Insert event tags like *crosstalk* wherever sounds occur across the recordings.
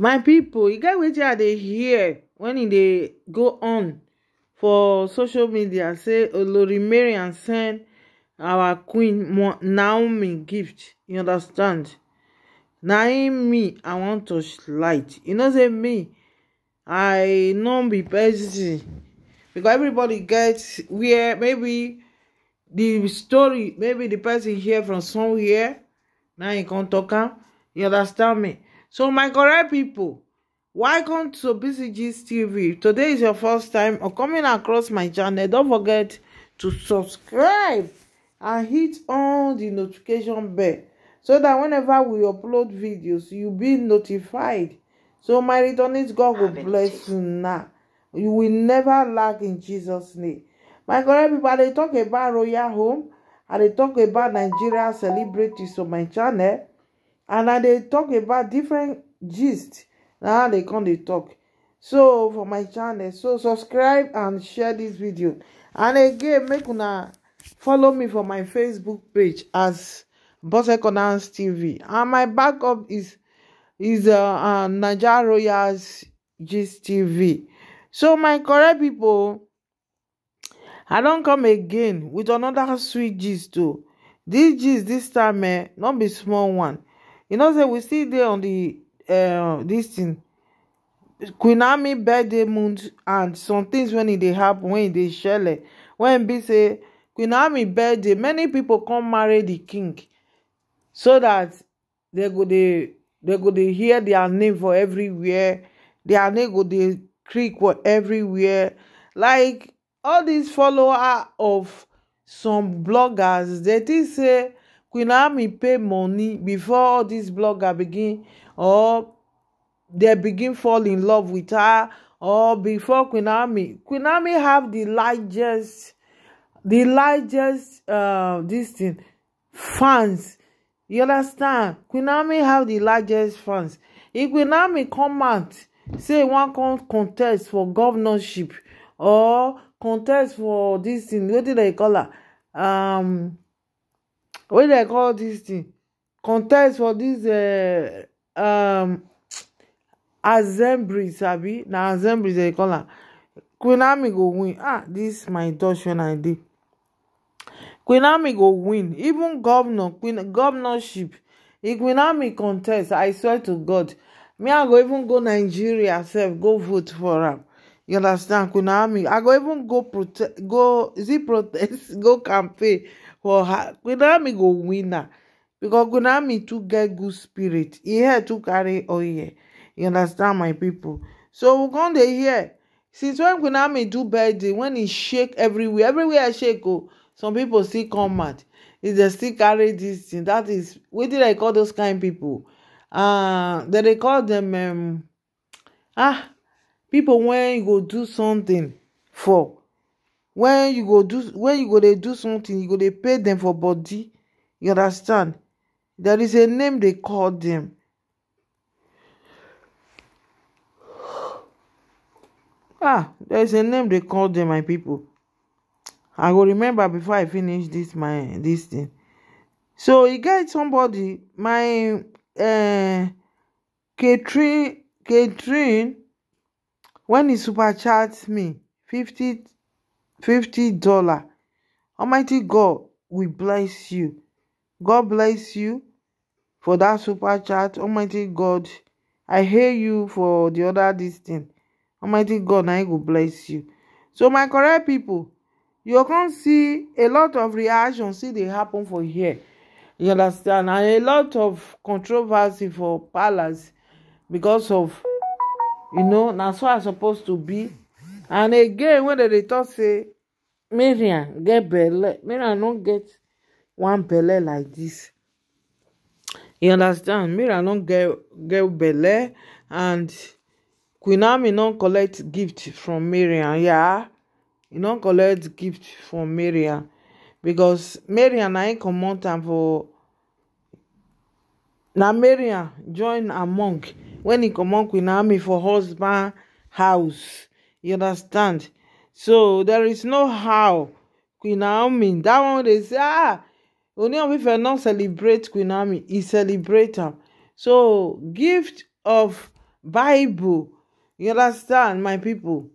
my people, you get wetin i dey hear when e dey go on for social media say olori mariam send our queen naomi gift you understand na im me i wan touch light you know say me i no be person because everybody get where maybe the story maybe the person hear from somewhere na im e come talk am you understand me So my correct people, welcome to BCG's TV. today is your first time or coming across my channel, don't forget to subscribe and hit on the notification bell so that whenever we upload videos, you'll be notified. So my returning God will bless you now. You will never lack in Jesus' name. My correct people, they talk about royal home. I dey talk about Nigeria celebrities on my channel and i dey talk about different gist na how dem come They talk so for my channel so subscribe and share this video and again make una follow me for my facebook page as Boss bosekondans tv and my backup is is uh, uh, Naja royals gist tv so my correct people, i don come again with another sweet gist too. This gist this time eh not be small one you know say we still dey on the uh, this thing queen ami birthday month and some things when e dey happen when e dey shele when be say queen ami birthday many people come marry the king so that they go dey they go dey hear their name for everywhere their name go dey creak for everywhere like all these follower of some bloggers dey think say queen naomi pay money before all dis bloggers begin or they begin fall in love with her or before queen naomi queen naomi have the largest the largest uh, this thing fans you understand queen naomi have the largest fans if queen naomi come out say one come contest for governorship or contest for this thing What did dem call her? um, wey dem call dis thing contest for dis uh, eh, um, assembly sabi na assembly dem call am queen naomi go win ah dis my touch when i dey queen naomi go win even governor queen governorship if queen naomi contest i swear to god me i go even go nigeria sef go vote for am You understand, Kunami? I go even go protest, go is protest, *laughs* go campaign for her. Kunami go win her because Kunami to get good spirit. He here to carry oh yeah. You understand, my people? So we come here. Since when Queen Naomi do birthday, when he shake everywhere, everywhere I shake oh, some people still come out. Is they still carry this thing? That is, what did I call those kind of people? Uh, ah, they, they call them um, ah pipo wen you go do something for when you go do when you go dey do something you go dey pay them for body you understand there is a name they call them. ah there is a name they call them, my people. i go remember before i finish this my this thing so e get somebody my uh, Catherine Catherine when he supercharged me fifty fifty dollar almighty god we bless you god bless you for that super chat almighty god i hear you for the other this thing almighty god I him go bless you so my correct people you can see a lot of reactions. See they happen for here you understand and a lot of controversy for palace because of you know na so i suppose to be and again when they dey talk say marian get belle marian no get one belle like this. you understand marian no get get belle and queen ami no collect gift from marian yeah e no collect gift from marian because marian na im comot am for na marian join among When he come on, queen naomi for husband house you understand so there is no how queen naomi That one they say ah only of ife not celebrate queen naomi He celebrate am so gift of bible you understand my pipo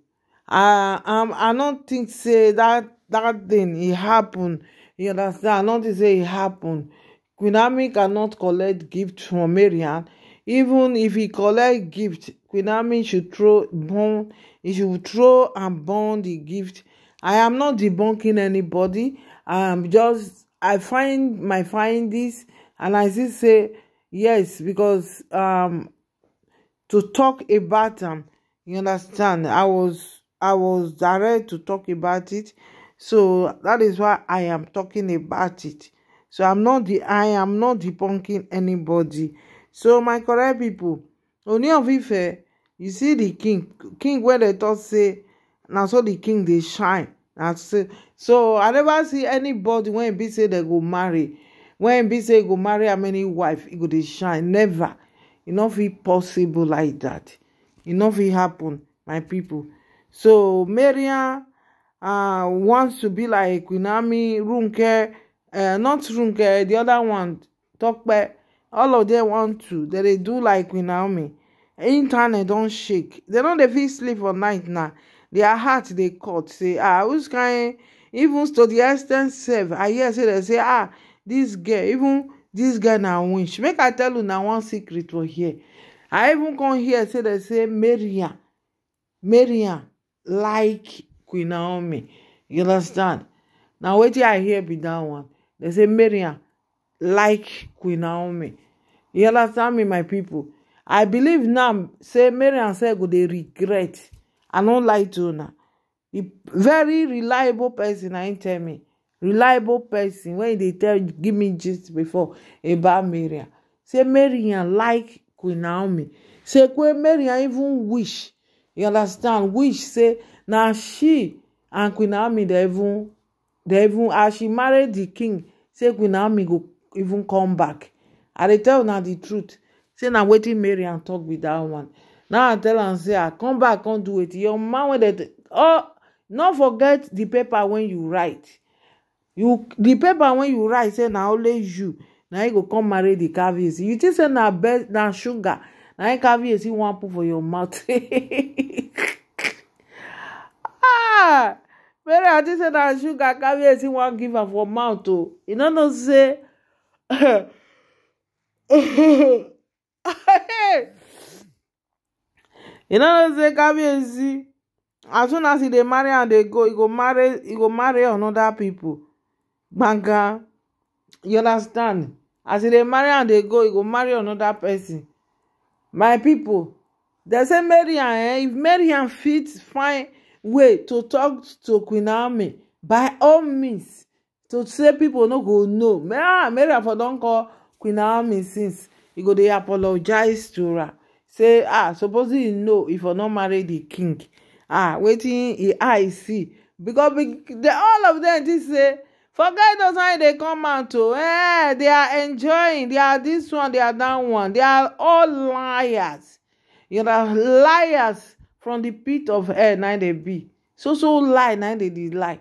i i don't think say that that thing it happen you understand i no think say it happen queen naomi cannot collect gift from marian even if he collect gift queen naomi should throw burn he should throw and burn the gift i am not debunking anybody i am just i find my findings and i still say yes because um to talk about am um, you understand i was i was direct to talk about it so that is why i am talking about it so i'm not the i am not debunking anybody so my correct pipo oni of ife you see the king king wey they tok say na so the king they shine so i never see anybody when be say they go marry when be say go marry how many wife it e go dey shine never e no fit possible like dat e no fit happen my people. so maria uh, wants to be like queen ami uh, not runke the other one talk tope all of them want to dem dey do like queen naomi internet don't shake They don't dey fit sleep for night now dia heart They caught. say ah who's going? even to di extent sef i hear say they say ah this girl even this girl now, winch make i tell you now one secret for here i even come hear say dem say maria maria like queen naomi you understand na wetin i hear be that one They say maria like queen naomi you understand me my people. i believe now say mary and sir go they regret i don't lie to una very reliable person I him tell me reliable person When they tell give me gist before about marian say marian like queen naomi say queen marian even wish you understand wish say now she and queen naomi they even they even as she married the king say queen naomi go even come back i dey tell una the truth say na wetin and talk be that one now i tell am say i ah, come back come do it. your man wey dey oh no forget the paper wey you write you the paper wey you write say na only you na you go come marry the cavies you think say na best na sugar na him cavies you wan put for your mouth *laughs* ah mary i think say na sugar cavies you wan give am for mouth o oh. you no know say. *laughs* *laughs* you no know say kabiyesi as soon as e dey marry am dey go e go marry go marry another pipo gbanga you understand as e dey marry am dey go e go marry another person my pipo dem say mariam eh if mariam fit find way to talk to queen army by all means to say pipo no go know mariam ah, for don call queen naomi since he go dey apologize to her say ah supposedly know if i no marry the king ah wetin he eye see because becos all of them think say forget those how they come out to eh they are enjoying they are this one they are that one they are all liars you know liars from the pit of hell na they be so so lie na they dey lie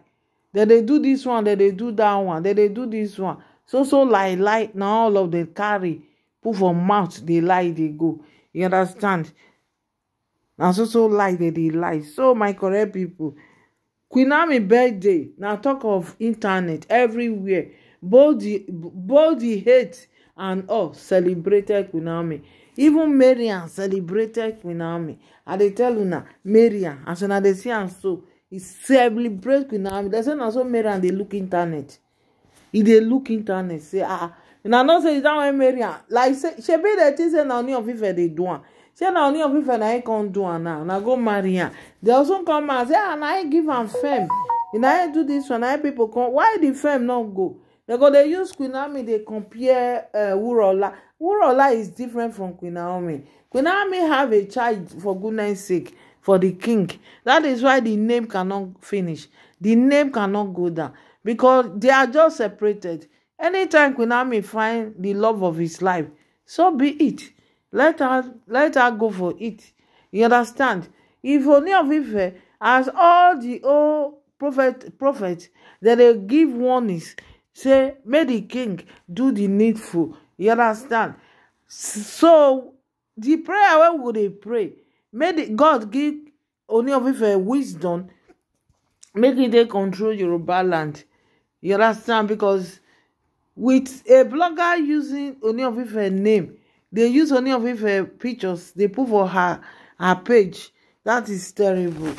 Then they do this one Then they do that one Then they do this one so so lie lie now all of dem carry put for mouth they lie they go you understand now so so lie they they lie so my correct people queen ami birthday now talk of internet everywhere both the both the hate and all celebrated queen ami even marian celebrated queen naomi i dey tell now marian as una they see and so e celebrated queen naomi dem say now so marian they look internet e dey look internet say ah na know say that one marry am like say shebi dey think say na Ooni of Ife dey do am say na Ooni of Ife na him come do am now na go marry am dey also come out say ah na him give am fame na him do this one na him people come why the fame no go dem go dey use Queen Naomi dey compare uh, Wurola Wurola is different from Queen Naomi Queen Naomi have a child for goodness sake for the king that is why the name cannot finish the name cannot go down because they are just separated. Anytime Queen find the love of his life, so be it. Let her let her go for it. You understand? If only of Ife, as all the old prophet prophets, that they give warnings, say, may the king do the needful. You understand? So the prayer where would they pray, may the God give only of Ife wisdom, make e dey control your balance. You understand? Because with a blogger using only of her name, they use only of her pictures, they put for her her page. That is terrible.